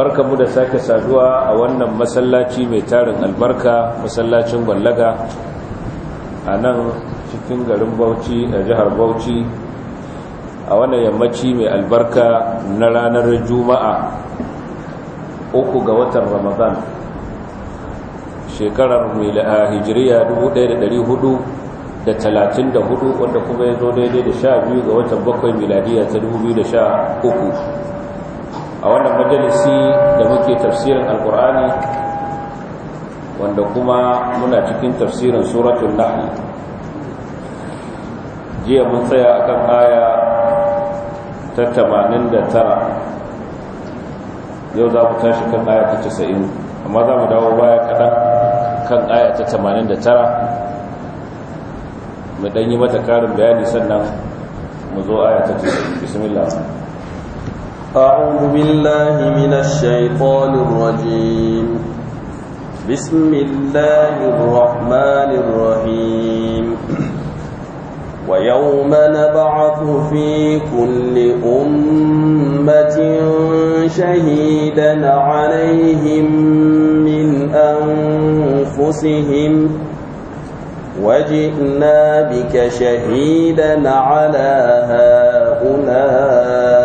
albarka mu da sake saduwa a wannan masallaci mai tarin albarka masallacin gwallaga a nan cikin garin bauchi a jihar bauchi a wannan yammaci mai albarka na ranar juma'a uku ga watan ramadan shekarar hijiriya 1434 wanda kuma ya zo daidai da 12 ga watan bakwai miladiya ta 2013 a wannan majalisi da muke tafsirin alkur'ani wanda kuma muna cikin tafsirin suratul nahl jiya mun tsaya akan aya ta 89 yau za mu tashi kan aya ta 90 amma za mu dawo baya kaɗan kan aya ta 89 mu danyi mata karin bayani sannan mu zo aya ta 90 bismillah أعوذ بالله من الشيطان الرجيم بسم الله الرحمن الرحيم ويوم نبعث في كل أمة شهيدا عليهم من أنفسهم وجئنا بك شهيدا على هؤلاء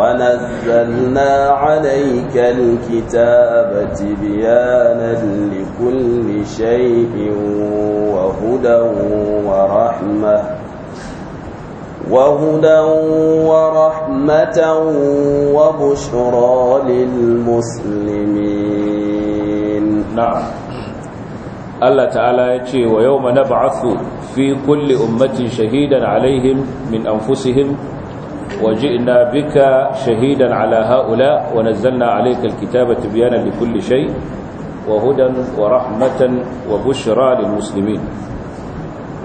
ونزلنا عليك الكتاب تبيانا لكل شيء وهدى ورحمة وهدى ورحمة وبشرى للمسلمين نعم Allah ta'ala ya ce wa yau mana ba'athu fi kulli ummatin shahidan alaihim min anfusihim وجئنا بك شهيدا على هؤلاء ونزلنا عليك الكتاب تبيانا لكل شيء وهدى ورحمة وبشرى للمسلمين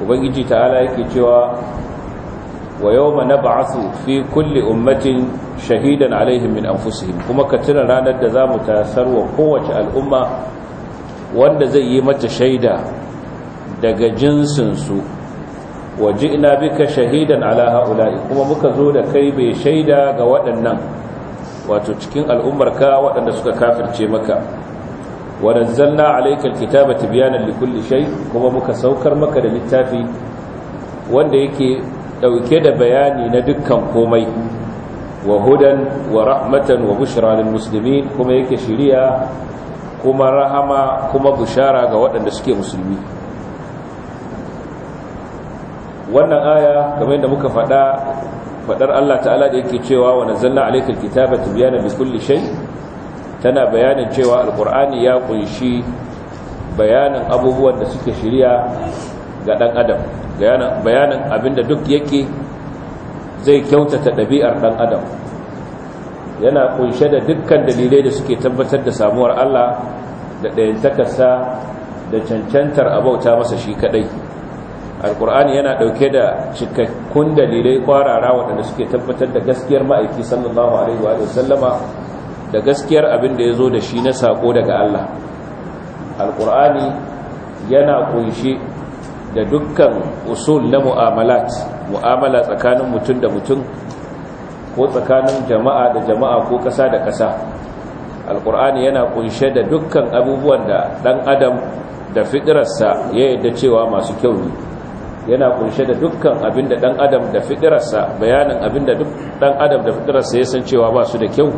وبنجي تعالى يكتوى ويوم نبعث في كل أمة شهيدا عليهم من أنفسهم كما كتنا رانا الدزام تاثر وقوة الأمة وأن زي متشيدة دق جنس سوء waje ina bika shahidan ala ha'ula'i kuma muka zo da kai bai shaida ga waɗannan wato cikin al'ummarka waɗanda suka kafirce maka wa nazzalna alayka alkitaba tibyanan likulli shay kuma muka saukar maka da littafi wanda yake dauke da bayani na dukkan komai wa hudan wa rahmatan wa bushra lil muslimin kuma yake shiriya kuma rahama kuma bushara ga waɗanda suke musulmi wannan aya kamar yadda muka faɗa faɗar Allah ta'ala da yake cewa wa nazzalna alayka alkitaba tibyana kulli shay tana bayanin cewa alqur'ani ya kunshi bayanin abubuwan da suke shiriya ga dan adam bayanin abinda duk yake zai kyautata ɗabi'ar dan adam yana kunshe da dukkan dalilai da suke tabbatar da samuwar Allah da ɗayantakarsa da cancantar abauta masa shi kadai alkur'ani yana dauke da cikakkun dalilai kwarara waɗanda suke tabbatar da gaskiyar ma'aiki sallallahu alaihi wa sallama da gaskiyar abin da ya zo da shi na sako daga Allah alkur'ani yana kunshi da dukkan usul na mu'amalat mu'amala tsakanin mutum da mutum ko tsakanin jama'a da jama'a ko ƙasa da ƙasa alkur'ani yana kunshe da dukkan abubuwan da ɗan adam da fiɗirarsa ya yadda cewa masu kyau ne yana kunshe da dukkan abin da ɗan adam da fitirarsa bayanin abin da duk dan adam da fitirarsa ya san cewa ba su da kyau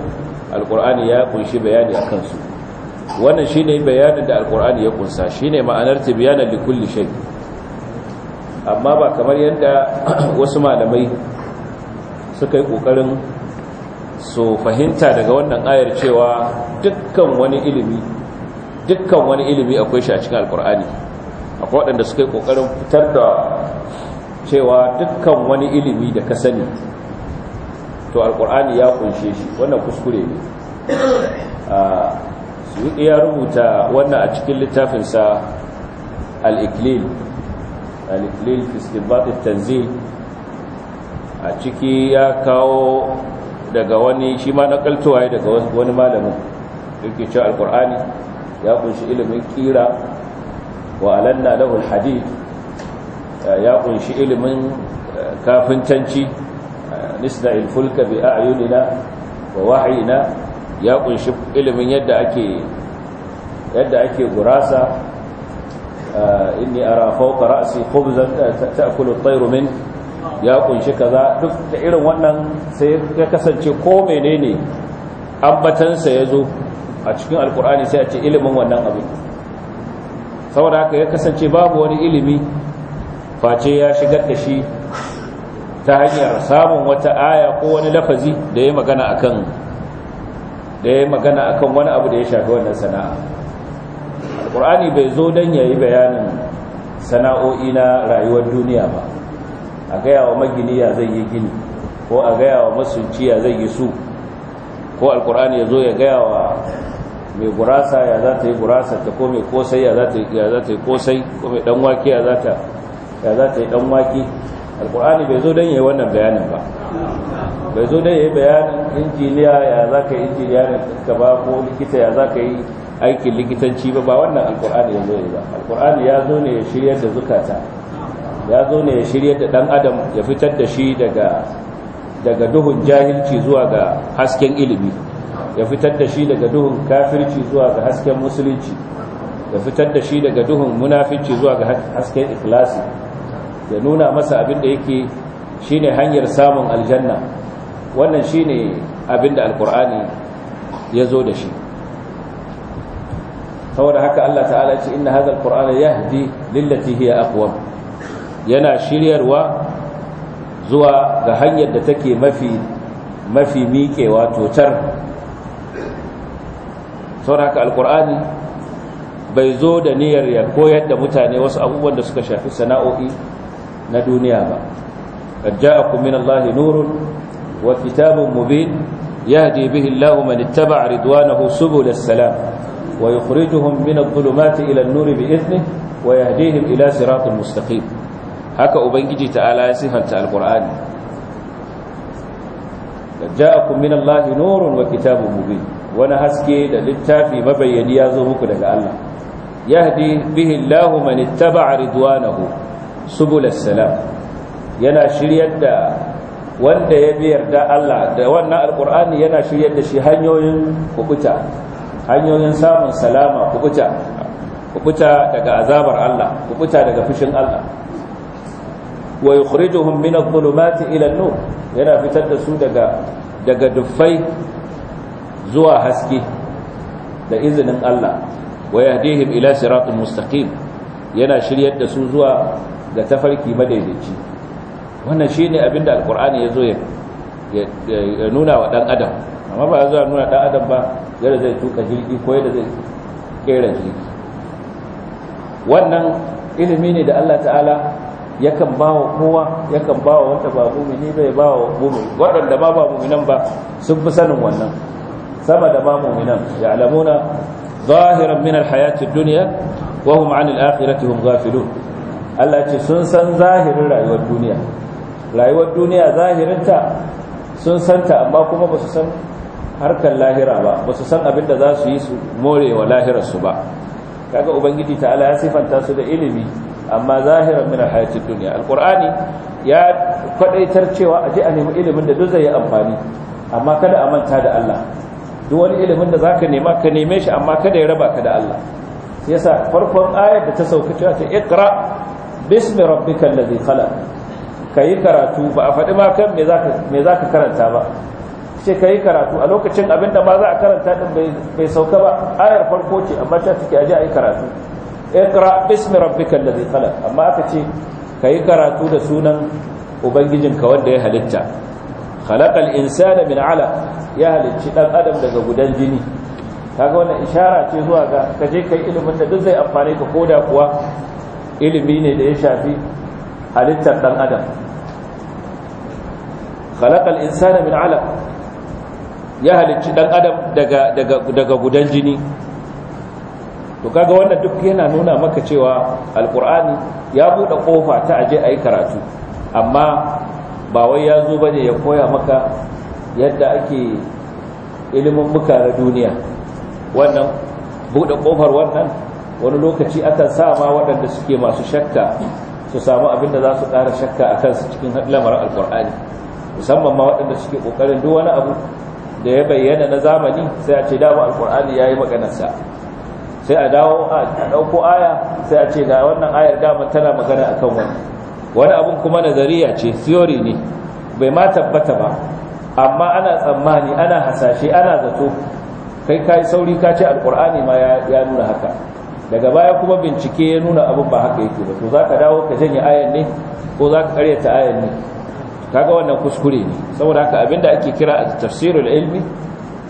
alqur'ani ya kunshi bayani akan su wannan shine bayanin da alqur'ani ya kunsa shine ma'anar tibyana li kulli shay amma ba kamar yadda wasu malamai suka yi kokarin su fahimta daga wannan ayar cewa dukkan wani ilimi akwai shi a cikin alqur'ani akwai waɗanda suka yi ƙoƙarin fitar da cewa dukkan wani ilimi da ka sani to alƙur'ani ya kunshe shi wannan kuskure ne suyuɗi ya rubuta wannan a cikin littafinsa al'iklil al'iklil fiskibatif tanzil a ciki ya kawo daga wani shi ma na kaltowa daga wani malamin duk cewa alkur'ani ya kunshi ilimin ƙira. wa alanna lahu alhadid eh, ya kunshi ilimin eh, kafintanci eh, nisna alfulka bi a'yunina wa wahyina ya kunshi ilimin yadda ake yadda ake gurasa inni ara fawqa ra'si khubzan ta'kulu at-tayru min ya kunshi kaza duk da irin wannan sai ya kasance ko menene ya yazo a cikin alkur'ani sai a ce ilimin wannan abin saboda haka ya kasance babu wani ilimi face ya shigar da shi ta hanyar samun wata aya ko wani lafazi da ya magana akan da ya magana akan wani abu da ya shafi wannan sana'a alqur'ani bai zo dan yayi bayanin sana'o'i na rayuwar duniya ba a gaya wa maginiya zai yi gini ko a gaya wa masunciya zai yi su ko alqur'ani ya zo ya gaya wa mai gurasa ya za ta yi gurasa ta ko mai kosai ya za ta yi kosai ko mai dan ya za ta yi dan wake alkur'ani bai zo don yi wannan bayanin ba bai zo don yi bayanin injiniya ya za ka yi injiniyarin ka ba ko likita ya za ka yi aikin likitanci ba ba wannan alkur'ani ya zo yi ba alkur'ani ya zo ne ya shirya da zukata ya zo ne ya shirya da dan adam ya fitar da shi daga daga duhun jahilci zuwa ga hasken ilimi ya fitar da shi daga duhun kafirci zuwa ga hasken musulunci ya fitar da shi daga duhun munafici zuwa ga hasken ikhlasi ya nuna masa abin da yake shine hanyar samun aljanna wannan shine abin da alkur'ani ya zo da shi saboda haka Allah ta'ala ce inna hadha alqur'ana yahdi lillati hiya aqwam yana shiryarwa zuwa ga hanyar da take mafi mafi miƙewa totar sauraka alkur'ani bai zo da niyyar ya koyar da mutane wasu abubuwan da suka shafi sana'o'i na duniya ba ajja'akum min allahi nurun wa kitabun mubin yahdi bihi allahu man ittaba'a ridwanahu subul salam wa yukhrijuhum min adh-dhulumati ila an-nuri bi'iznihi wa yahdihim ila siratin mustaqim haka ubangiji ta'ala ya sifanta alqur'ani ja'akum min allahi nurun wa kitabun mubin wani haske da littafi mabayyani ya zo muku daga Allah yahdi bihi Allahu man ittaba'a ridwanahu subulas salam yana shiryar da wanda ya biyar yarda Allah da wannan alqur'ani yana shiryar da shi hanyoyin kukuta hanyoyin samun salama kukuta kukuta daga azabar Allah kukuta daga fushin Allah wa yukhrijuhum min adh ila nur yana fitar da su daga daga duffai zuwa haske da izinin Allah wa yahdihim ila siratul mustaqim yana shiryar da su zuwa ga tafarki madaidaici wannan shine abinda alqur'ani yazo ya nuna wa dan adam amma ba za nuna dan adam ba yadda zai tuka jirgi ko yadda zai kera jirgi wannan ilimi ne da Allah ta'ala yakan bawa kowa yakan bawa wanda ba mumini bai bawa mumini waɗanda ba ba muminan ba sun fi sanin wannan sama da ma mu'minan ya'lamuna zahiran min alhayati ad-dunya wa hum 'an al-akhirati hum ghafilun Allah ce sun san zahirin rayuwar duniya rayuwar duniya zahirinta sun santa amma kuma ba su san harkar lahira ba ba su san abin da za su yi su more wa lahirarsu ba kaga ubangiji ta'ala ya sifanta su da ilimi amma zahiran min alhayatid dunya alqur'ani ya kwadaitar cewa aje a nemi ilimin da duk zai yi amfani amma kada a manta da Allah duk wani ilimin da zaka nema ka neme shi amma kada ya raba ka da Allah sai yasa farkon ayar da ta sauka cewa ta iqra bismi rabbikal ladhi khalaq kai karatu ba a fadi ma kan me zaka me zaka karanta ba ce kai karatu a lokacin abinda ba za a karanta din bai sauka ba ayar farko ce amma ta take aje ai karatu iqra bismi rabbikal ladhi khalaq amma aka ce kai karatu da sunan ubangijinka wanda ya halitta khalaqal insana min alaq ya halicci dan adam daga gudan jini kaga wannan ishara ce zuwa ga kaje kai ilimin da duk zai amfane ka koda kuwa ilimi ne da ya shafi halittar dan adam khalaqal insana min alaq ya halicci dan adam daga daga daga gudan jini to kaga wannan duk yana nuna maka cewa alqur'ani ya bude kofa ta aje ayi karatu amma ba wai ya zo ba ne ya koya maka yadda ake ilimin muka na duniya wannan buɗe ƙofar wannan wani lokaci akan sa ma waɗanda suke masu shakka su samu abin da za su ƙara shakka a kansu cikin lamarin alƙur'ani musamman ma waɗanda suke ƙoƙarin duk wani abu da ya bayyana na zamani sai a ce dama alƙur'ani ya yi maganarsa sai a dawo a ɗauko aya sai a ce ga wannan ayar dama tana magana kan wani. wani abun kuma nazariya ce theory ne bai ma tabbata ba amma ana tsammani ana hasashe ana zato kai kai sauri ka ce alkur'ani ma ya nuna haka daga baya kuma bincike ya nuna abin ba haka yake ba to za ka dawo ka janye ayan ne ko za ka karyata ayan ne kaga wannan kuskure ne saboda haka abinda ake kira tafsirul ilmi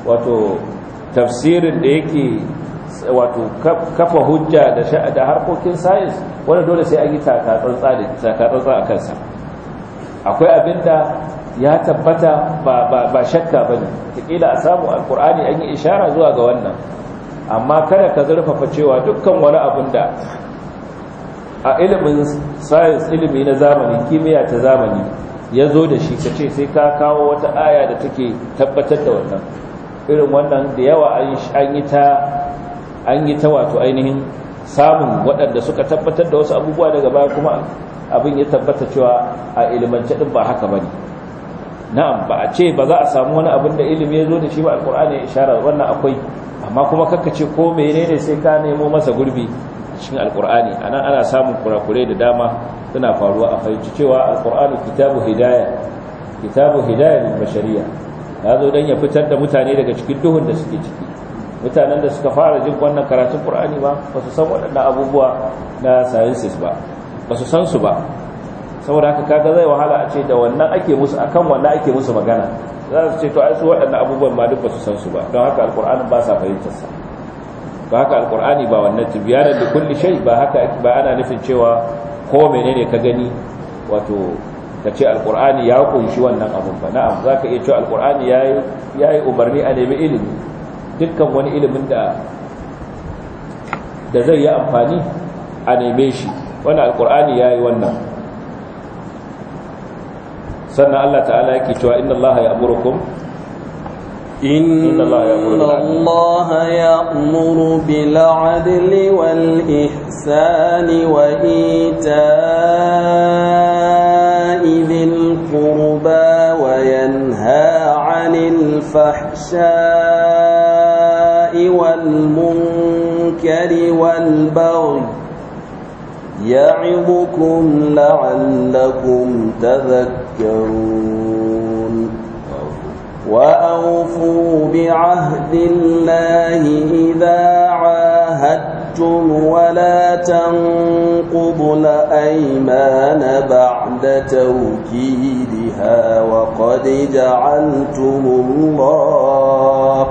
wato tafsirin da yake wato kafa hujja da da harkokin science wanda dole sai an yi takatsantsa da takatsantsa a kansa akwai abinda ya tabbata ba shakka ba ne, bane a samu alkur'ani an yi ishara zuwa ga wannan amma kada ka zurfafa cewa dukkan wani abin da a ilimin science ilimi na zamani kimiyya ta zamani ya zo da shi ka ce sai ka kawo wata aya da take tabbatar da wannan irin wannan da yawa an yi ta an yi ta wato ainihin samun waɗanda suka tabbatar da wasu abubuwa daga baya kuma abin ya tabbata cewa a ilimance ɗin ba haka ba ne, na'am ba a ce ba za a samu wani abin da ilimi ya zo da shi ba alkur'ani ya ishara wannan akwai amma kuma kaka ce ko ne sai ka nemo masa gurbi a cikin A anan ana samun kurakure da dama suna faruwa a fahimci cewa alqur'ani kitabu hidaya kitabu hidaya ne bashariya ya zo don ya fitar da mutane daga cikin duhun da suke ciki mutanen da suka fara jin wannan karatun qur'ani ba ba su san waɗanda abubuwa na sciences ba ba su san su ba saboda haka kaga zai wahala a ce da wannan ake musu akan wannan ake musu magana za su ce to ai su waɗanda abubuwan ma duk ba su san su ba don haka alƙur'ani ba sa fahimtar sa ba haka alƙur'ani ba wannan tibiyar da kulli shay ba haka ba ana nufin cewa ko menene ka gani wato ka ce alƙur'ani ya kunshi wannan abun ba na'am za ka iya cewa alƙur'ani ya yi umarni a nemi ilimi dukkan wani ilimin da da zai yi amfani a neme shi wani alkur'ani ya yi wannan sannan Allah ta'ala yake cewa inna Allah ya amurukum إن الله يأمر بالعدل والإحسان وإيتاء ذي القربى وينهى عن والمنكر والبغي يعظكم لعلكم تذكرون وأوفوا بعهد الله إذا عاهدتم ولا تنقضوا الأيمان بعد توكيدها وقد جعلتم الله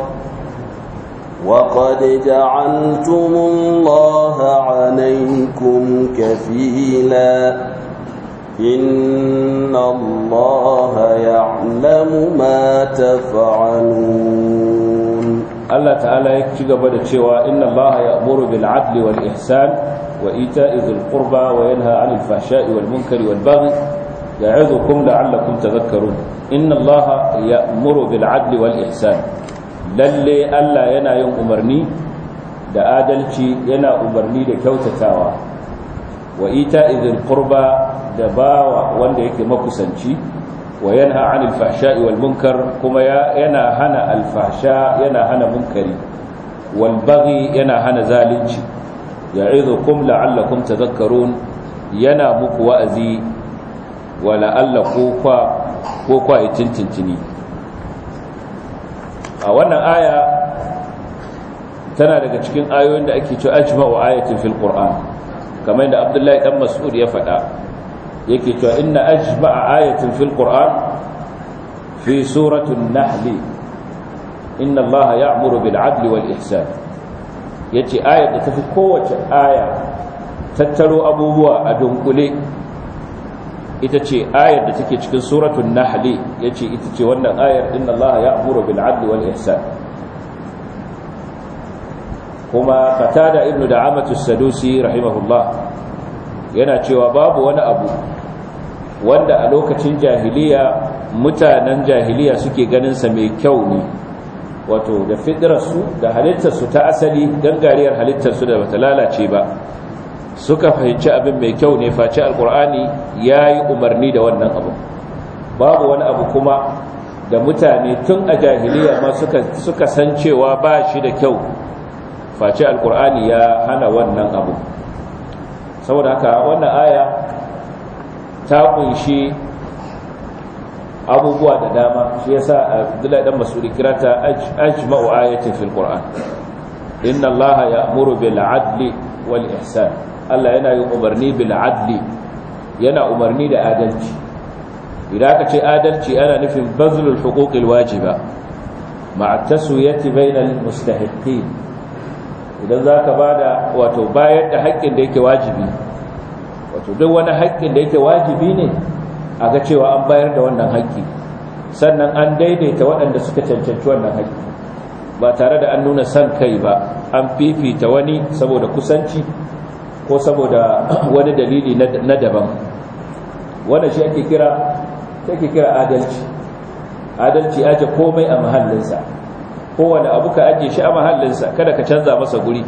وقد جعلتم الله عليكم كفيلا إن الله يعلم ما تفعلون الله تعالى يكتب بالشواء إن الله يأمر بالعدل والإحسان وإيتاء ذي القربى وينهى عن الفحشاء والمنكر والبغي يعظكم لعلكم تذكرون إن الله يأمر بالعدل والإحسان lalle Allah yana yin umarni da adalci yana umarni da kyautatawa wa ita idil qurba da bawa wanda yake makusanci wa yanha 'anil fahsha'i munkar kuma yana hana al yana hana munkari wal yana hana zalunci ya'idukum la'allakum tadhakkarun yana muku wa'azi wa la'allaku kwa tintintini a wannan aya tana daga cikin ayoyin da ake cewa ajma'u ayatin fil qur'an kamar yadda abdullahi dan mas'ud ya faɗa yake cewa inna ajma'a ayatin fil qur'an fi surati nahl inna allaha ya'muru bil 'adli wal ihsan yace ayat da tafi kowace aya tattaro abubuwa a dunkule ita ce ayar da take cikin suratul nahli yace ita ce wannan ayar inna ya ya'muru bil adli wal ihsan kuma katada ibn da'amatu as-sadusi rahimahullah yana cewa babu wani abu wanda a lokacin jahiliya mutanen jahiliya suke ganin sa mai kyau ne wato da fitrarsu da halittarsu ta asali gangariyar halittarsu da bata lalace ba suka fahimci abin mai kyau ne face alkur'ani ya yi umarni da wannan abu babu wani abu kuma da mutane tun a jahiliya ma suka san cewa ba shi da kyau face alkur'ani ya hana wannan abu saboda haka wannan aya ta kunshi abubuwa da dama shi ya yasa abdullahi dan mas'udi kirata ajma'u ayatin fil qur'an inna allaha ya'muru bil adli wal ihsan Allah yana yin umarni bil adli yana umarni da adalci idan aka ce adalci ana nufin bazlul huquqil wajiba ma'a taswiyati bainal mustahiqin idan zaka bada wato bayar da haƙƙin da yake wajibi wato duk wani haƙƙin da yake wajibi ne a ga cewa an bayar da wannan haƙƙi sannan an daidaita waɗanda suka cancanci wannan haƙƙi ba tare da an nuna son kai ba an fifita wani saboda kusanci ko saboda wani dalili na daban wanda shi ake kira take kira adalci adalci aje komai a mahallinsa kowane abu ka aje shi a mahallinsa kada ka canza masa guri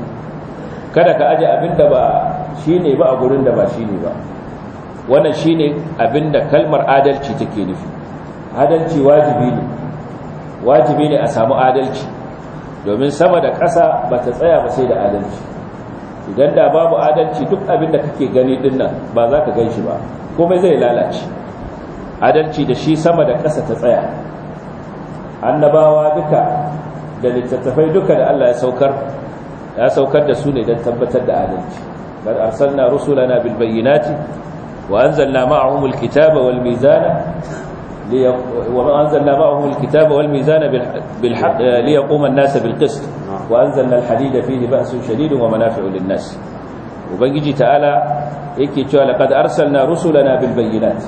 kada ka aje abin da ba shi ne ba a gurin da ba shi ne ba wannan shi ne abin da kalmar adalci take nufi adalci wajibi ne wajibi ne a samu adalci domin sama da ƙasa ba ta tsaya ba sai da adalci idan da babu adalci duk abin da kake gani dinnan ba za ka gan shi ba komai zai lalace adalci da shi sama da ƙasa ta tsaya annabawa duka da littattafai duka da Allah ya saukar ya saukar da su ne don tabbatar da adalci kad arsalna rusulana bil bayyinati wa anzalna ma'ahum al wal mizana wa anzalna ma'ahum al wal mizana bil haqq an bil qist wa anzalna al-hadida fihi ba'sun shadidun wa manafi'u lin-nas ubangiji ta'ala yake cewa laqad arsalna rusulana bil bayyinat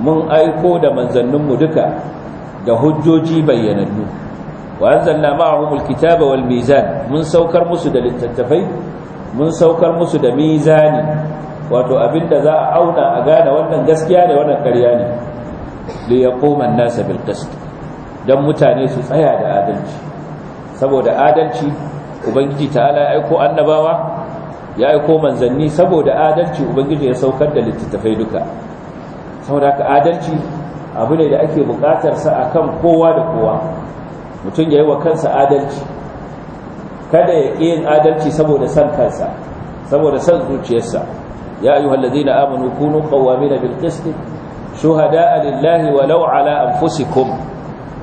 mun aiko da manzanninmu duka da hujjoji bayyanannu wa anzalna ma'ahum al-kitaba mizan mun saukar musu da littattafai mun saukar musu da mizani wato abinda za a auna a gane wannan gaskiya ne wannan ƙarya ne li yaquma an-nasa bil qist dan mutane su tsaya da adalci saboda adalci ubangiji ta'ala ya aiko annabawa ya aiko manzanni saboda adalci ubangiji ya saukar da littattafai duka saboda haka adalci abu ne da ake bukatar sa akan kowa da kowa mutum ya yi wa kansa adalci kada ya ƙi yin adalci saboda san kansa saboda san zuciyarsa ya ayyuhal ladina amanu kunu qawwamina bil qist shuhada'a lillahi walau ala anfusikum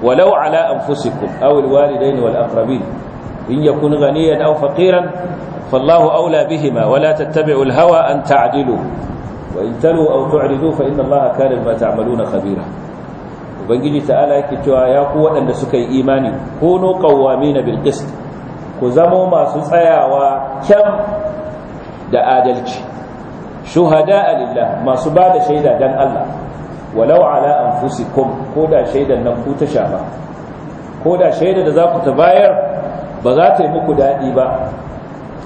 ولو على أنفسكم أو الوالدين والأقربين إن يكون غنيا أو فقيرا فالله أولى بهما ولا تتبعوا الهوى أن تعدلوا وإن تلوا أو تعرضوا فإن الله كان بما تعملون خبيرا وبنجي تعالى كتوا يا قوة أن سكي إيماني كونوا قوامين بالقسط كزموا ما سسعيا وكم دا آدلك شهداء لله ما سباد شيدا دان الله walau ala anfusikum ko da shaidan nan ku ta shafa ko da shaida da za ku ta bayar ba za ta yi muku daɗi ba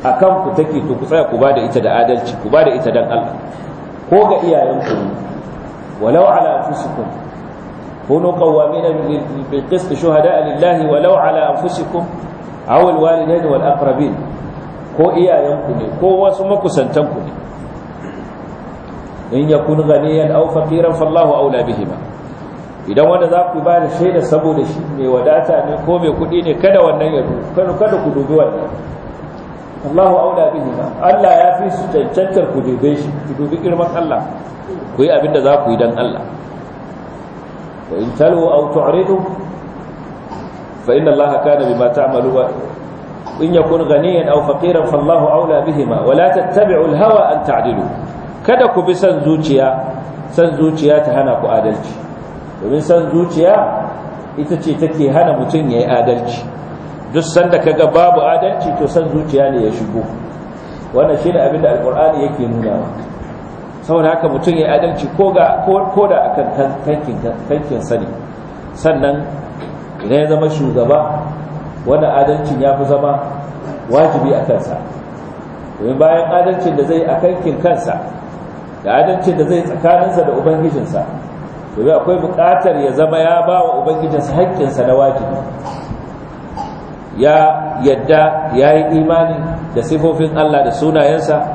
a kan ku take to ku tsaya ku ba da ita da adalci ku ba da ita don Allah ko ga iyayenku ne walau ala anfusikum kunu qawwamina bil qist shuhada lillahi walau ala fusi aw al walidain wal aqrabin ko iyayenku ne ko wasu makusantanku ne in yakun ghaniyan aw faqiran fallahu aula bihima idan wanda za ku ba shaida saboda shi ne wadata ne ko mai kuɗi ne kada wannan ya kada kada ku dubi wannan Allahu aula bihima Allah ya fi su cancantar ku dubi shi ku dubi girman Allah ku yi abin za ku yi dan Allah wa in talu aw tu'ridu fa inna Allah kana bima ta'malu wa in yakun ghaniyan aw faqiran fallahu aula bihima wa la tattabi'u al-hawa an ta'dilu kada ku bi san zuciya san zuciya ta hana ku adalci domin san zuciya ita ce take hana mutum ya yi adalci duk sanda kaga babu adalci to san zuciya ne ya shigo wannan shi ne abin da alkur'ani yake nuna saboda haka mutum ya yi adalci ko da akan tankin sani sannan idan ya zama shugaba wannan adalcin ya fi zama wajibi a kansa domin bayan adalcin da zai a kankin kansa da adalcin da zai tsakaninsa da ubangijinsa gobe akwai buƙatar ya zama ya ba wa ubangijinsa haƙƙinsa na wajibi ya yadda ya yi imani da sifofin Allah da sunayensa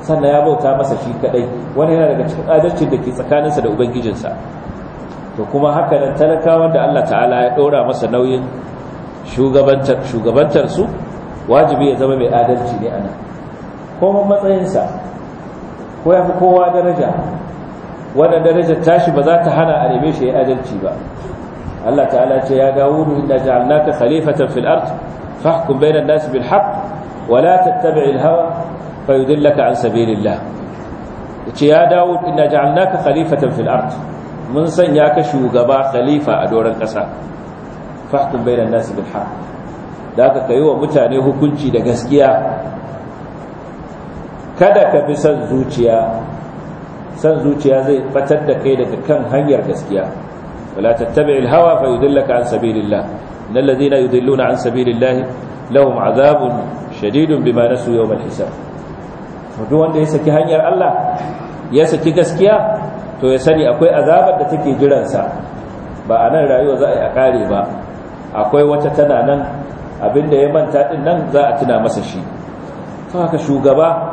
sannan ya bauta masa shi kaɗai wani yana daga cikin adalcin da ke tsakaninsa da ubangijinsa to kuma haka nan talakawan da Allah ta'ala ya ɗora masa nauyin shugabantar su wajibi ya zama mai adalci ne a nan kuma matsayinsa ko ya fi kowa daraja wannan darajar tashi ba za ta hana a neme shi ya adalci ba Allah ta'ala ce ya dawo dawudu inna ja'alnaka khalifatan fil ard fahkum bainan nas bil haqq wa la tattabi'il hawa fayudillaka an sabilillah ce ya dawo inna ja'alnaka khalifatan fil ard mun sanya ka shugaba khalifa a doran kasa fahkum bainan nas bil haqq da ka kai wa mutane hukunci da gaskiya kada ka bi san zuciya san zuciya zai batar da kai daga kan hanyar gaskiya wala tattabi'il hawa fa yudillaka an sabilillah innal ladhina yudilluna an sabilillah lahum azabun shadidun bima nasu yawm al-hisab duk wanda ya saki hanyar Allah ya saki gaskiya to ya sani akwai azabar da take jiransa ba a nan rayuwa za a yi a kare ba akwai wata tana nan abinda ya manta din nan za a tuna masa shi haka shugaba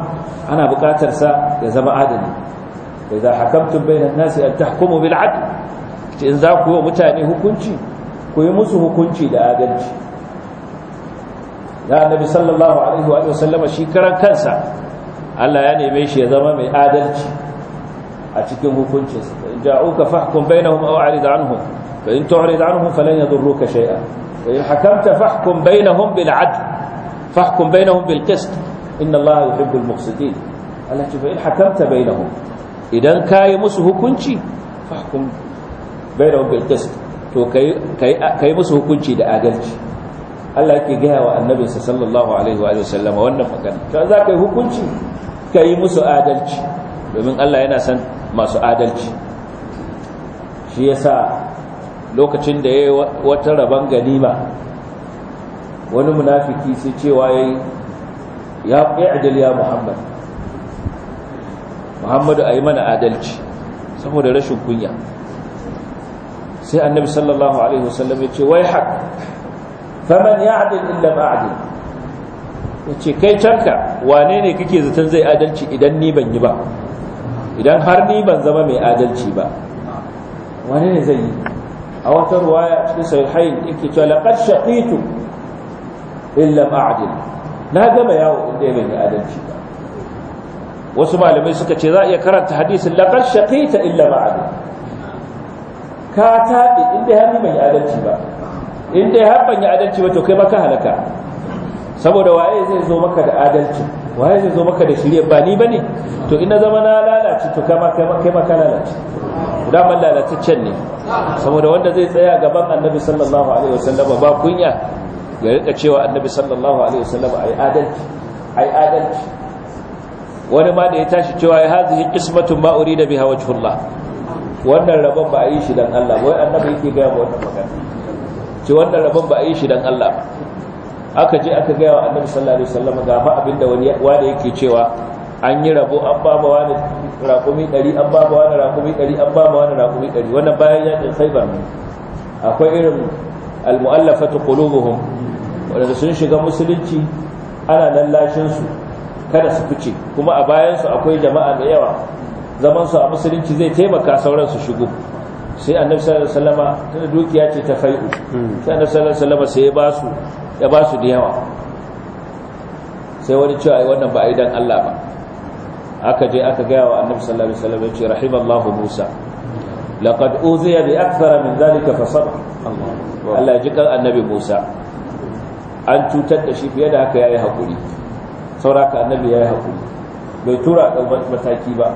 أنا بكاتر سا يزم عادني وإذا حكمتم بين الناس أن تحكموا بالعدل إن إنذاك هو متاني هكونتي كيموس هكونتي لآدنتي يا النبي صلى الله عليه وآله وسلم شكرا كنسا الله يعني بيش يزم من آدنتي أتكم كنتي فإن جاءوك فحكم بينهم أو أعرض عنهم فإن تعرض عنهم فلن يضروك شيئا فإن حكمت فحكم بينهم بالعدل فحكم بينهم بالقسط inna Allah yuhibbul muqsitin Allah ce fa in hakamta bainahum idan kai musu hukunci fahkum bainahum bil qist to kai kai musu hukunci da adalci Allah yake gaya wa annabi sallallahu alaihi wa sallama wannan magana to za ka yi hukunci ka yi musu adalci domin Allah yana san masu adalci shi lokacin da yayi wata rabon ganima wani munafiki sai cewa yayi ya ƙi'adil ya muhammad muhammadu a yi mana adalci saboda rashin kunya sai annabi sallallahu alaihi wasallam ya ce wai haƙ faman ya adil illa ma'adil ya ce kai canka wane ne kake zaton zai adalci idan ni ban yi ba idan har ni ban zama mai adalci ba wane ne zai yi a wata ruwaya cikin sahih hayin yake cewa laqad shaqitu illa ma'adil na gama yawo inda yake da adalci ba wasu malamai suka ce za a iya karanta hadisin laqad shaqita illa ma'ad ka tabi inda hannu mai adalci ba inda ya haɓan ya adalci ba to kai ka halaka saboda waye zai zo maka da adalci waye zai zo maka da shirye? ba ni bane to ina zama na lalace to kai ma kai maka lalace daman lalataccen ne saboda wanda zai tsaya gaban annabi sallallahu alaihi wasallam ba kunya ya rika cewa annabi sallallahu alaihi wasallam ai adalci ai adalci wani ma da ya tashi cewa ya hazihi qismatun ma urida biha wajhullah wannan rabon ba a yi shi dan Allah wai annabi yake ga wannan magana ce wannan rabon ba a yi shi dan Allah aka je aka gaya wa annabi sallallahu alaihi wasallam ga fa abinda wani wanda yake cewa an yi rabo an ba ma wani raƙumi 100 an ba ma wani raƙumi 100 an ba ma wani raƙumi 100 wannan bayan yakin Khaibar ne akwai irin al-mu'allafatu qulubuhum wanda sun shiga musulunci ana nan lashinsu kada su fice kuma a bayansu akwai jama'a da yawa zamansu a musulunci zai taimaka sauran su shigo sai annabi sallallahu alaihi wasallama tana dukiya ce ta fai'u sai annabi sallallahu alaihi wasallama sai ya ba su ya ba da yawa sai wani cewa ai wannan ba ai dan Allah ba aka je aka ga wa annabi sallallahu alaihi wasallam ce rahimallahu Musa laqad uziya bi akthar min zalika fa sabr Allah ya ji kan annabi Musa an cutar da shi fiye da haka ya yi haƙuri sauraka annabi ya yi haƙuri bai tura a mataki ba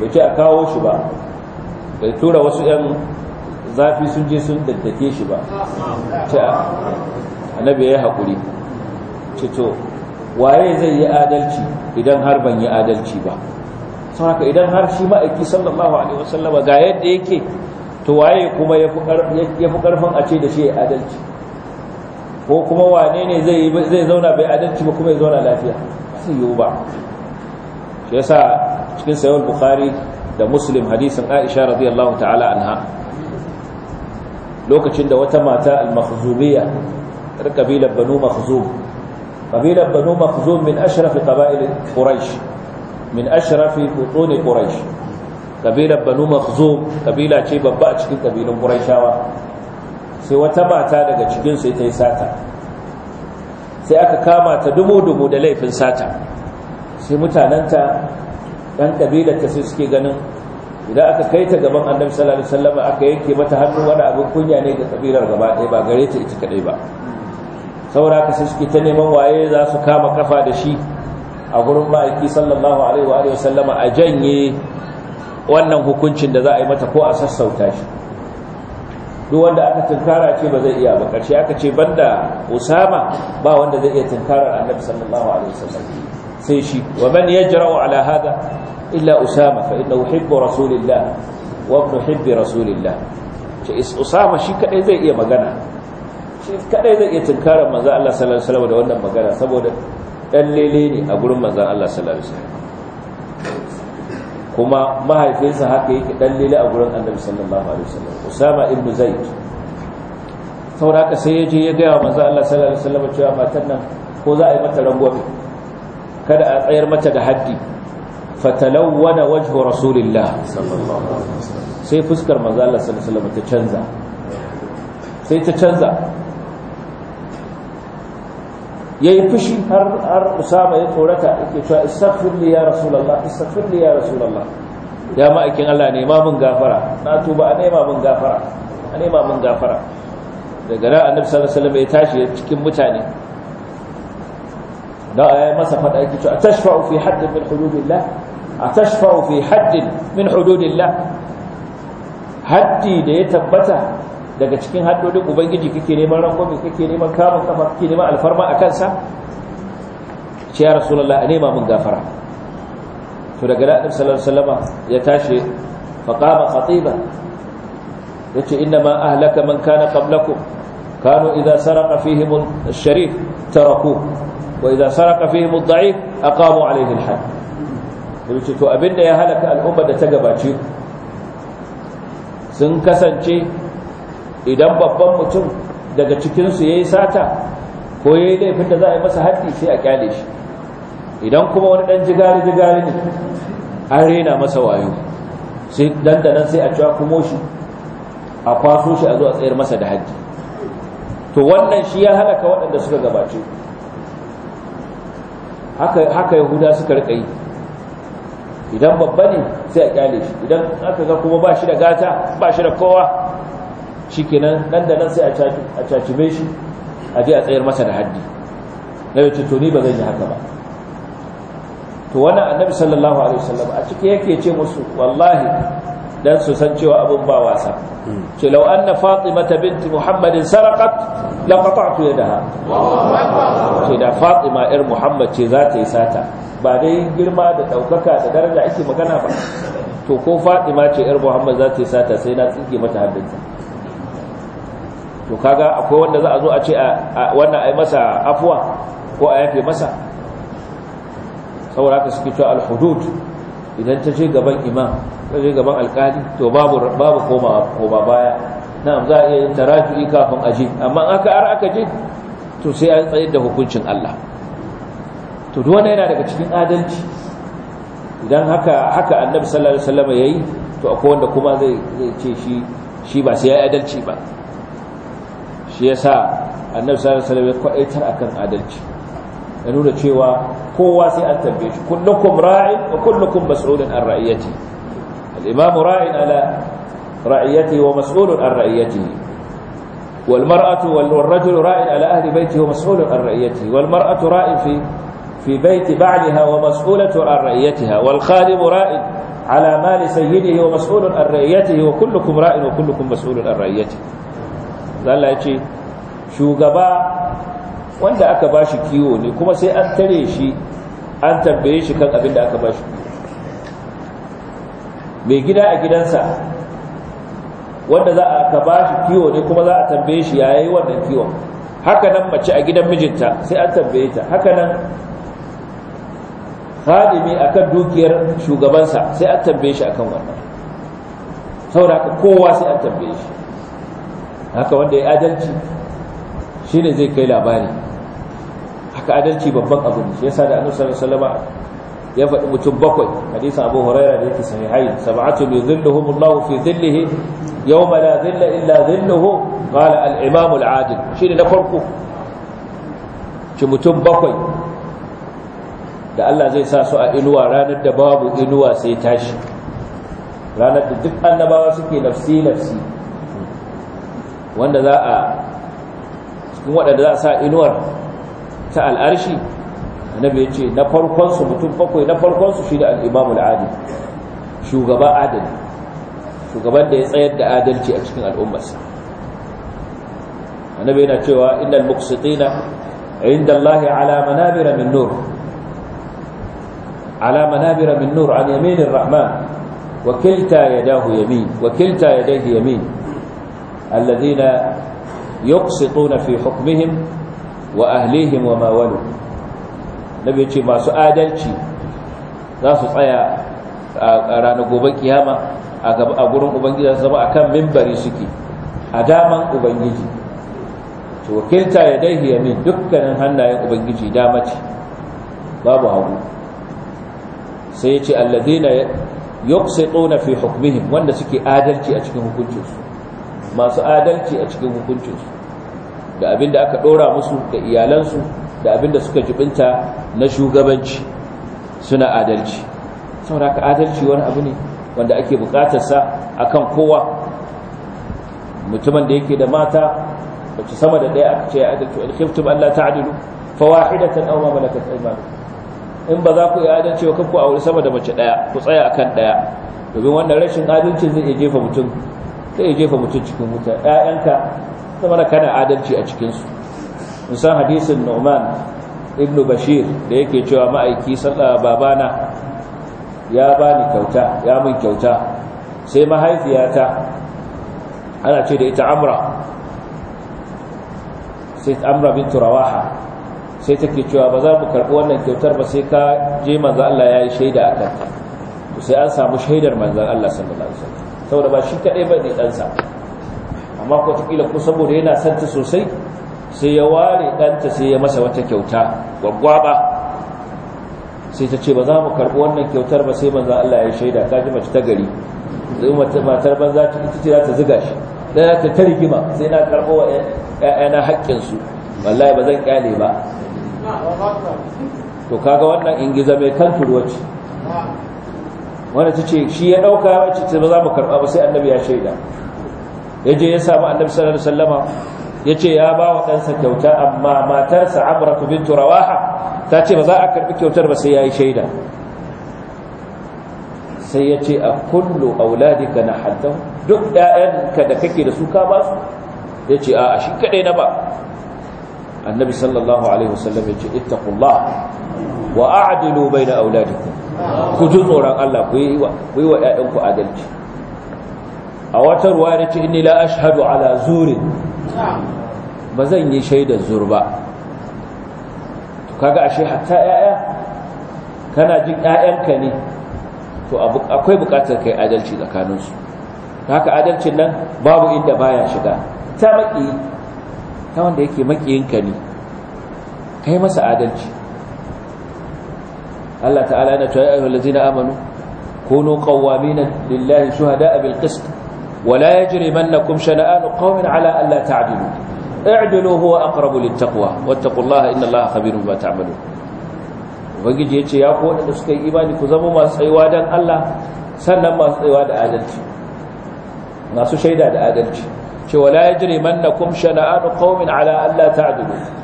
bai ce a kawo shi ba bai tura wasu 'yan zafi sun je sun daddake shi ba ce annabi ya yi haƙuri cito waye zai yi adalci idan har ban yi adalci ba sauraka idan har shi ma'aiki sallallahu alaihi wasallama ga yadda yake to waye kuma ya fi ƙarfin a ce da shi ya adalci ko kuma wane ne zai zauna bai adalci ba kuma ya zauna lafiya su yiwu ba shi yasa cikin sayan bukhari da muslim hadisin aisha radiyallahu ta'ala anha lokacin da wata mata al-makhzumiyya ta kabilar banu makhzum kabilar banu makhzum min ashraf qaba'il quraish min ashraf butun quraish kabilar banu makhzum kabila ce babba a cikin kabilun quraishawa sai wata mata daga cikin sai ta yi sata sai aka kama ta dubu-dubu da laifin sata sai mutanenta ɗan ƙabilar ta sai suke ganin idan aka kai ta gaban annabi sallallahu alaihi wasallam aka yanke mata hannu wani abin kunya ne ga kabilar gaba ɗaya ba gare ta ita kadai ba saboda ka sai suke ta neman waye za su kama kafa da shi a gurin ma'aiki sallallahu alaihi wasallam a janye wannan hukuncin da za a yi mata ko a sassauta shi duk wanda aka tunkara ce ba zai iya ba karshe aka ce banda usama ba wanda zai iya tunkarar annabi sallallahu alaihi wasallam sai shi wa man yajra'u ala hada illa usama fa innahu hibbu rasulillah wa ibn hibbi rasulillah ce usama shi kadai zai iya magana shi kadai zai iya tunkarar manzo Allah sallallahu alaihi wasallam da wannan magana saboda dan lele ne a gurin manzo Allah sallallahu alaihi wasallam kuma mahaifinsa haka yake dan lele a gurin annabi sallallahu alaihi wasallam usama ibn zaid haka sai ya je ya gaya manzo Allah sallallahu alaihi wasallam cewa matan nan ko za a yi mata rangwame kada a tsayar mata da haddi fatalawwana wajhu rasulillah sallallahu alaihi wasallam sai fuskar manzo Allah sallallahu alaihi wasallam ta canza sai ta canza yayi fushi har har usama ya tsorata yake cewa istaghfir li ya rasulullah istaghfir li ya rasulullah ya ma'aikin Allah ne ma mun gafara na tuba a nema mun gafara a nema mun gafara daga nan annabi sallallahu alaihi wasallam ya tashi cikin mutane da ayi masa fada yake cewa tashfa'u fi hadd min hududillah atashfa'u fi hadd min hududillah haddi da ya tabbata daga cikin haddodin ubangiji kake neman rangon kake neman kamun kafa kake neman alfarma a kansa ce ya rasulullah a nema mun gafara to daga da annabi sallallahu alaihi wasallam ya tashi fa qama khatiba yace inna ma ahlaka man kana qablakum kanu idza saraqa fihim ash-sharif tarakuhu wa idza saraqa fihim ad-da'if aqamu alayhi al-hadd yace to abinda ya halaka al'ummar da ta gabace sun kasance idan babban mutum daga cikinsu ya yi sata ko ya yi laifin da za a yi masa haddi sai a kyale shi idan kuma wani ɗan jigari-jigari ne an rena masa wayo sai dandanan sai a kuma shi a kwaso shi a zuwa tsayar masa da haddi to wannan shi ya halaka waɗanda suka gabace haka yahuda suka riƙa yi idan babba ne sai a kyale shi idan aka ga kuma ba shi da gata ba shi da kowa kenan nan da nan sai a cacibe shi a je a tsayar masa da haddi na yace to ni ba zan yi haka ba to wannan annabi sallallahu alaihi wasallam a cike yake ce musu wallahi dan su san cewa abun ba wasa ce law anna ta binti muhammadin sarqat la qata'tu yadaha ce da fatima yar muhammad ce za ta yi sata ba dai girma da daukaka da daraja ake magana ba to ko fatima ce yar muhammad za ta yi sata sai na tsige mata haddinta to kaga akwai wanda za a zo a ce a wannan a yi masa afuwa ko a yafe masa saboda haka suke cewa al-hudud idan ta je gaban imam ta je gaban alkali to babu babu koma baya na'am za a iya yin taraju'i kafin aje amma aka ar aka je to sai an tsayar da hukuncin Allah to duk wanda yana daga cikin adalci idan haka haka annabi sallallahu alaihi wasallam yayi to akwai wanda kuma zai zai ce shi shi ba sai ya adalci ba shi yasa annabi sallallahu alaihi wasallam ya kwaitar akan adalci ya nuna cewa kowa sai an tambaye shi kullukum ra'in wa kullukum mas'ulun an ra'iyati al-imam ra'in ala ra'iyati wa mas'ulun an ra'iyati wal mar'atu wal rajul ra'in ala ahli baiti wa mas'ulun an ra'iyati wal mar'atu ra'in fi في بيت بعلها ومسؤولة عن رعيتها والخادم راء wa مال سيده ومسؤول wa رعيته وكلكم راء وكلكم مسؤول عن رعيته Allah ya ce shugaba wanda aka ba shi kiwo ne kuma sai an tare shi an tambaye shi kan abin da aka ba shi mai gida a gidansa wanda za a ba shi kiwo ne kuma za a tambaye shi yayi wannan kiwon haka mace a gidan mijinta sai an tambaye ta haka nan hadimi akan dukiyar shugabansa sai an tambaye shi akan wannan saboda kowa sai an tambaye shi haka wanda ya adalci shi ne zai kai labari haka adalci babban abu ne shi yasa da annabi sallallahu alaihi wasallam ya faɗi mutum bakwai hadisin abu huraira da yake sahihai sab'atu bi dhillihum Allah fi dhillihi yawma la dhilla illa dhilluhu qala al-imam al-adil ne na farko ci mutum bakwai da Allah zai sa su a inuwa ranar da babu inuwa sai tashi ranar da duk annabawa suke nafsi nafsi wanda za a cikin waɗanda za a sa inuwar ta al'arshi annabi ya ce na farkonsu mutum bakwai na farkonsu shi da al'imamul adil shugaba adali shugaban da ya tsayar da adalci a cikin al'ummarsa annabi yana cewa innal muqsitina inda Allah ala manabira min nur ala manabira min nur an yaminir rahman wa kilta yadahu yamin wa kilta yadayhi yamin الذين يقسطون في حكمهم وأهليهم وما ولوا نبي يقول ما سؤادلتي لا سطايا رانا قوبان كياما أقولون قوبان كياما زما أكام منبري سكي أداما قوبان كيجي وكلتا يديه يمين دكنا هنا قوبان كيجي دامتي بابا هو سيتي الذين يقسطون في حكمهم وانا سكي آدلتي أتكي مكنتي masu adalci a cikin hukuncinsu da abin da aka ɗora musu da iyalansu da abin da suka jibinta na shugabanci suna adalci saboda ka adalci wani abu ne wanda ake bukatarsa akan kowa mutumin da yake da mata wacce sama da ɗaya aka ce ya adalci in khiftum Allah ta'dilu fawahidatan aw ma malakat aymanukum in ba za ku yi adalci wa kanku a wuri sama da mace ɗaya ku tsaya akan ɗaya domin wannan rashin adalci zai iya jefa mutum sai ya jefa mutum cikin wuta ƴaƴanka zama kana adalci a cikinsu musan hadisin nu'man ibn bashir da yake cewa ma'aiki sallah babana ya ni kyauta ya min kyauta sai mahaifiyata ana ce da ita amra sai amra bin turawaha sai take cewa ba za mu karɓi wannan kyautar ba sai ka je manzan Allah ya yi shaida a kanta sai an samu shaidar manzan Allah sallallahu alaihi wasallam saboda ba shi kadai ba ne ɗansa amma ko kwatakila ko saboda yana santa sosai sai ya ware ɗanta sai ya masa wata kyauta gwaggwaba sai ta ce ba za mu karɓi wannan kyautar ba sai manzan Allah ya shaida ta ji mace ta gari zai matar banza ta ita ce za ta ziga shi da ta ta rigima sai na karɓo wa ‘ya'yana haƙƙinsu wallahi ba zan ƙyale ba to kaga wannan ingiza mai kan turuwa ce wanda ta ce shi ya ɗauka ya ce ba za mu karɓa ba sai annabi ya shaida ya je ya samu annabi sallallahu alaihi wasallama ya ce ya ba wa ɗansa kyauta amma matarsa amratu bintu rawaha ta ce ba za a karɓi kyautar ba sai ya yi shaida sai ya ce a kullu auladika na haddau duk ɗayanka da kake da su ka ba su ya ce a shi kaɗai na ba annabi sallallahu alaihi wasallam ya ce ittaqullah wa a'dilu baina auladikum ku ji tsoron Allah ku yi wa ‘ya'yanku adalci a wata ruwa ya ce inni la ashhadu ala zurin ba zan yi shaidar zur ba To kaga ashe hatta ‘ya'ya kana jin ‘ya'yanka ne to akwai bukatar kai adalci tsakaninsu haka adalcin nan babu inda baya shiga ta maki ta wanda yake makiyinka ne kai masa adalci Allah ta'ala yana cewa ayyuhal ladzina amanu kunu qawwamina lillahi shuhada'a bil qist wa la yajrimannakum shana'anu qawmin ala alla ta'dilu i'dilu huwa aqrabu lit taqwa wattaqullaha khabirun bima ta'malun ubangiji yace ya ku wadanda suka yi imani ku zama masu tsayuwa dan Allah sannan masu tsayuwa da adalci masu shaida da adalci cewa la yajrimannakum shana'anu qawmin ala alla ta'dilu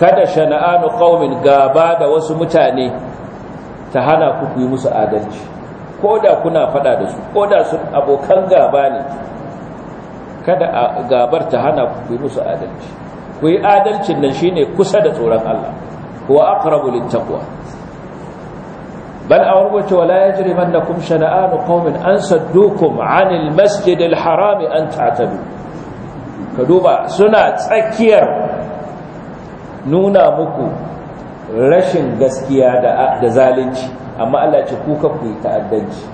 kada shana'anu qaumin gaba da wasu mutane ta hana ku ku yi musu adalci koda kuna fada da su koda su abokan gaba ne kada gabar ta hana ku ku yi musu adalci ku yi adalcin nan shine kusa da tsoron Allah huwa aqrabu littaqwa بل أوربت ولا يجرمنكم شنآن قوم أن صدوكم عن المسجد الحرام أن تعتدوا كدوبا suna tsakiyar. nuna muku rashin gaskiya da zalunci amma Allah ce ku kaku yi ta'addanci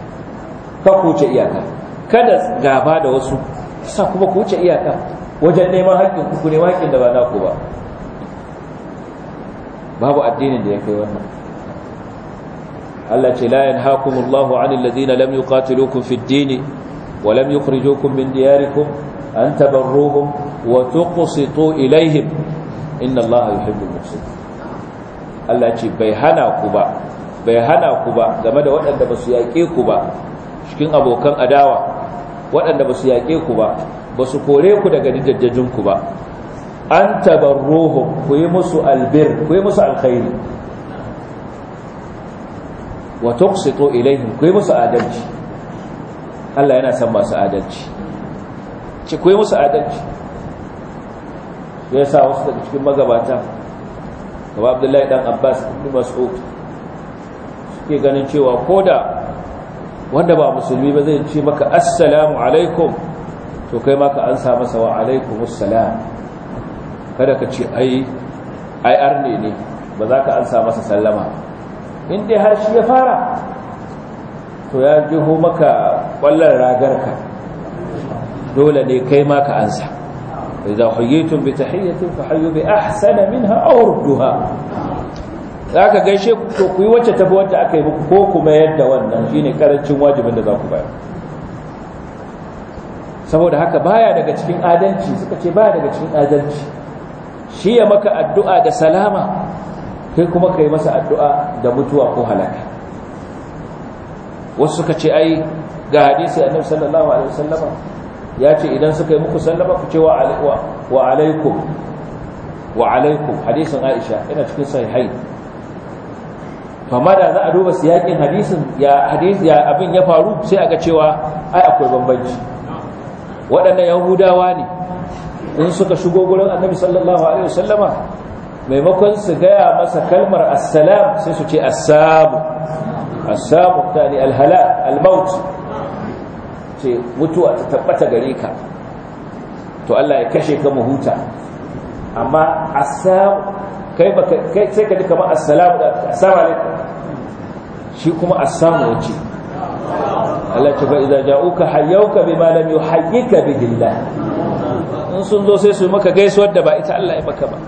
kaku wuce iyaka kada gaba da wasu sa kuma ku wuce iyaka wajen neman haƙƙin ku neman haƙƙin da ba naku ba babu addinin da ya kai wannan Allah ce la yanhaakumullahu 'anil ladina lam yuqatilukum fid din wa lam yukhrijukum min diyarikum an tabarruhum wa tuqsitu ilayhim inna allaha yuhibbul muqsitin Allah ce bai hana ku ba bai hana ku ba game da waɗanda ba su yaƙe ku ba cikin abokan adawa waɗanda ba su yaƙe ku ba ba su kore ku daga ku ba an tabarruhum ku yi musu albir ku yi musu alkhairi wa tuqsitu ilaihim ku yi musu adalci Allah yana son masu adalci ci ku yi musu adalci ya sa wasu daga cikin magabata gaba abdullahi dan abbas ibn mas'ud suke ganin cewa ko da wanda ba musulmi ba zai ce maka assalamu alaikum to kai maka an sa masa wa alaikum assalam kada ka ce ai ai arne ne ba za ka an sa masa sallama in dai har shi ya fara to ya jiho maka kwallon ka dole ne kai maka ansa fa idza hayyitum bi tahiyyatin fa hayyu bi ahsana minha aw rudduha zaka gaishe ku ku yi wacce tafi wacce aka yi muku ko ku mayar da wannan shine karancin wajibin da za ku bayar saboda haka baya daga cikin adalci suka ce baya daga cikin adalci shi maka addu'a da salama kai kuma ka yi masa addu'a da mutuwa ko halaka wasu suka ce ai ga hadisi annabi sallallahu alaihi wasallama ya ce idan suka yi muku sallama ku ce wa alaikum wa alaikum hadisin aisha yana cikin sahihai amma da za a duba siyakin hadisin ya hadisi ya abin ya faru sai aka cewa ai akwai bambanci waɗannan yahudawa ne in suka shigo gurin annabi sallallahu alaihi wasallama maimakon su gaya masa kalmar assalam sai su ce assamu assamu tani alhala almaut ce mutuwa ta tabbata gare ka to Allah ya kashe ka mu huta amma assalamu kai baka kai sai ka ji kamar assalamu assalamu alaikum shi kuma assalamu wace. Allah ya ce fa idza ja'uka hayyuka bima lam yuhayyika bihi in sun zo sai su maka gaisuwar da ba ita Allah ya maka ba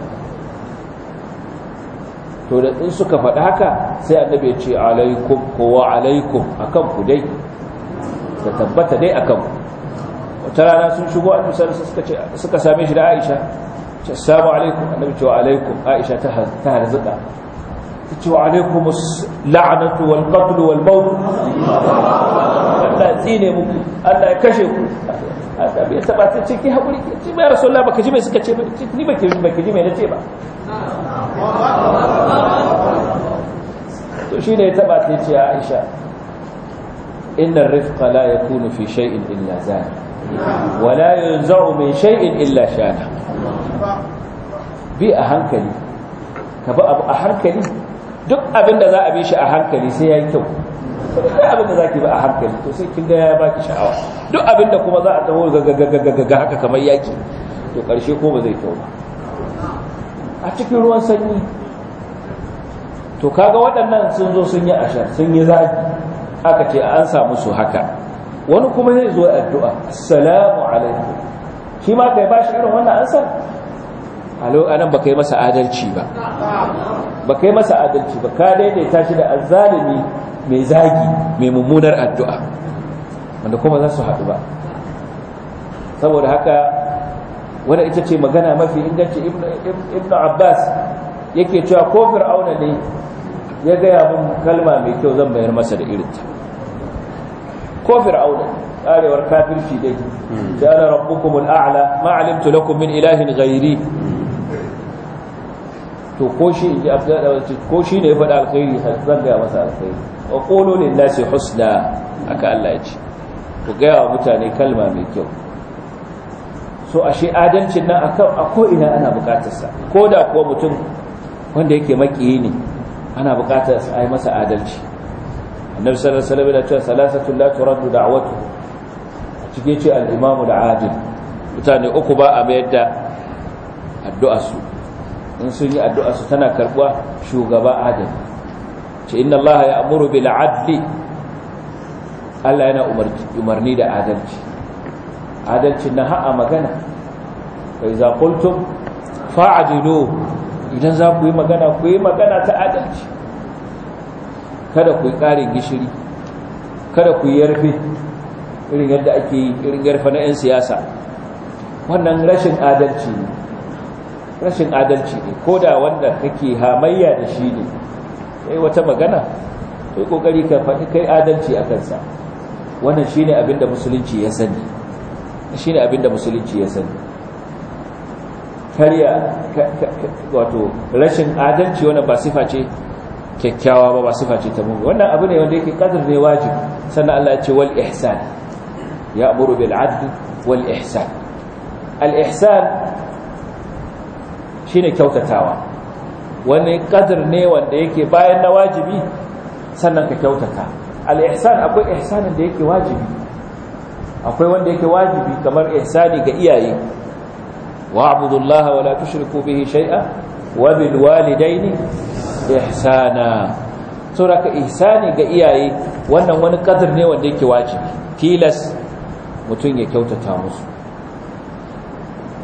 to da in suka faɗa haka sai annabi ya ce alaikum ko wa alaikum akan ku dai ta tabbata dai a kanmu wata rana sun shigo a misali suka same shi da aisha ce samu alaikum annabi wa alaikum aisha ta harzuka ta ce wa alaikum la'anatu wal qatl wal maut Allah tsine muku Allah ya kashe ku annabi ya taba ta ciki hakuri ce ya rasulullah baka ji mai suka ce ni baki baki ji mai nace ba to shi ne ya taba ta ce aisha inna rifqa la yakunu fi shay'in illa zani wa la yunza'u min shay'in illa shana bi a hankali ka bi abu a hankali duk abinda za a bi shi a hankali sai ya yi kyau duk abinda za ki bi a hankali to sai kin gaya ya baki sha'awa duk abinda kuma za a taho ga haka kamar yaki to karshe ko ba zai kyau ba a cikin ruwan sanyi to kaga waɗannan sun zo sun yi ashar sun yi zagi aka ce an samu su haka wani kuma zai zo addu'a assalamu alaikum shi ma kai ba shi irin wannan ansa alo anan baka yi masa adalci ba baka yi masa adalci ba ka daidaita shi da azzalimi mai zagi mai mummunar addu'a wanda kuma za su haɗu ba saboda haka wadda ita ce magana mafi inganci ibn abbas yake cewa ko fir'auna ne ya gaya mun kalma mai kyau zan bayar masa da irinta ko fir'auna karewar kafirci dai da hmm. ana rabbukumul a'la ma alimtu lakum min ilahin ghairi to ko shi inji wace ko shi ne faɗa alkhairi zan gaya masa alkhairi wa qulu lin-nasi husna aka Allah ya ce ku gaya wa mutane kalma mai kyau so ashe adalcin nan akan a ina ana bukatarsa ko da kuwa mutum wanda yake makiyi ne ana bukatar a yi masa adalci annabi sallallahu alaihi wasallam ya ce salasatu la turaddu da'watu cike ce al-imamu al-adil mutane uku ba a mayar da addu'a su in sun yi addu'a su tana karbuwa shugaba adil ce inna allaha ya'muru bil adli Allah yana umarni da adalci adalci na ha'a magana fa iza qultum fa'dilu idan za ku yi magana ku yi magana ta adalci kada ku yi ƙarin gishiri kada ku yi yarfe irin yadda ake yi irin yarfe na 'yan siyasa wannan rashin adalci ne rashin adalci ne ko da wanda kake hamayya da shi ne sai wata magana sai ƙoƙari ka faɗi kai adalci a kansa wannan shine abinda musulunci ya abinda musulunci ya sani karya wato rashin adalci wannan ba sifa ce kyakkyawa ba ba sifa ce ta mugu wannan abu ne wanda yake kadar ne wajib sannan Allah ya ce wal ihsan ya amuru bil adl wal ihsan al ihsan shine kyautatawa wani kadar ne wanda yake bayan na wajibi sannan ka kyautata al ihsan akwai ihsanin da yake wajibi akwai wanda yake wajibi kamar ihsani ga iyaye واعبدوا الله ولا تشركوا به شيئا وبالوالدين إحسانا سورك إحساني قائعي وانا وانا قدر نيو وانا ديكي واجب تيلس متوين يكوتا تاموس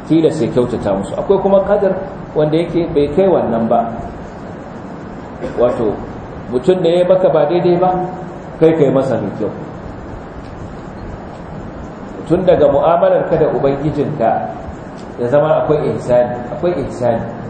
تيلس يكوتا تاموس أقول كما قدر وانا ديكي بيكي وانا والنبا واتو متوين نيبك بعدي ديبا كي كي مسا نيكيو tun daga mu'amalar ka da ubangijinka ya zama akwai ihsani akwai ihsani